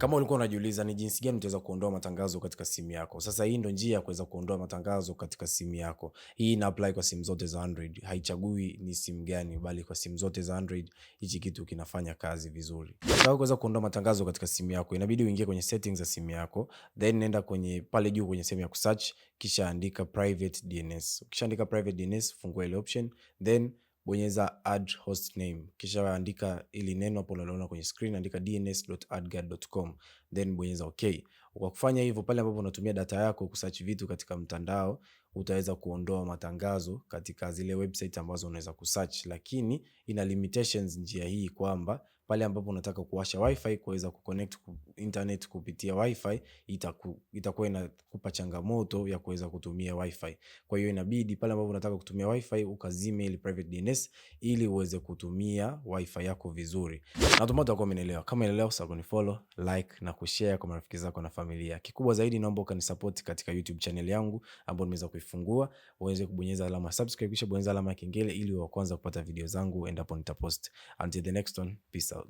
Kama ulikuwa unajiuliza ni jinsi gani utaweza kuondoa matangazo katika simu yako, sasa hii ndo njia ya kuweza kuondoa matangazo katika simu yako. Hii ina apply kwa simu zote za Android, haichagui ni simu gani, bali kwa simu zote za Android hichi kitu kinafanya kazi vizuri. Sasa kuweza kuondoa matangazo katika simu yako, inabidi uingie kwenye settings za simu yako, then nenda kwenye pale juu kwenye sehemu ya kusearch, kisha andika private DNS. Ukishaandika private DNS, fungua ile option then bonyeza add host name, kisha andika ili neno hapo unaloona kwenye screen, andika dns.addguard.com then bonyeza okay. Kwa kufanya hivyo, pale ambapo unatumia data yako kusearch vitu katika mtandao utaweza kuondoa matangazo katika zile website ambazo unaweza kusearch, lakini ina limitations njia hii kwamba pale ambapo unataka kuwasha wifi kuweza kuconnect internet kupitia wifi itaku, itakuwa inakupa changamoto ya kuweza kutumia wifi. Kwa hiyo inabidi pale ambapo unataka kutumia wifi ukazime ile private DNS ili uweze kutumia wifi yako vizuri. Natumai utakuwa umenielewa. Kama umeelewa, usahau kunifollow, like na kushare kwa marafiki zako na familia. Kikubwa zaidi, naomba ukanisupport katika YouTube channel yangu ambayo nimeweza ukifungua uweze kubonyeza alama subscribe, kisha bonyeza alama ya kengele ili wa kwanza kupata video zangu endapo nitapost. Until the next one, peace out.